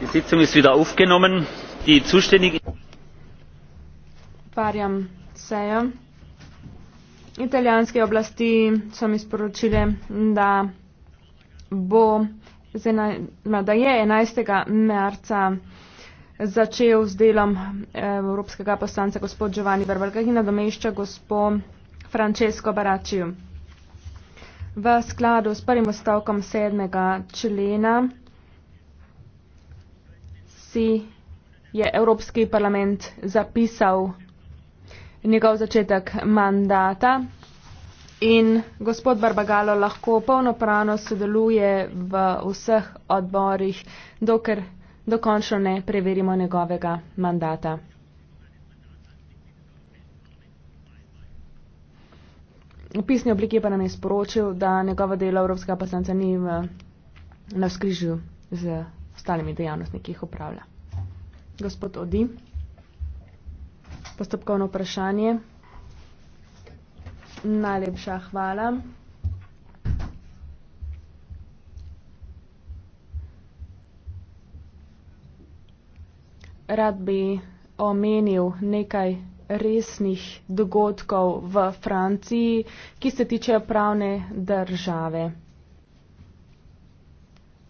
die Sitzung ist wieder aufgenommen. Die zuständige. Pariam seja. Italijanske oblasti so mi sporočile, da, bo, no, da je 11. marca začel z delom eh, evropskega poslanca gospod Giovanni Verbalga in nadomešča gospod Francesco Baracci. V skladu s prvim ostavkom 7. člena Franciji je Evropski parlament zapisal njegov začetek mandata in gospod Barbagalo lahko polnopravno sodeluje v vseh odborih, dokler dokončno ne preverimo njegovega mandata. V pisni obliki pa nam je sporočil, da njegovo delo Evropskega poslanca ni v navskrižju z ostalimi dejavnostmi, ki jih upravlja. Gospod Odi, postopkovno vprašanje. Najlepša hvala. Rad bi omenil nekaj resnih dogodkov v Franciji, ki se tiče pravne države.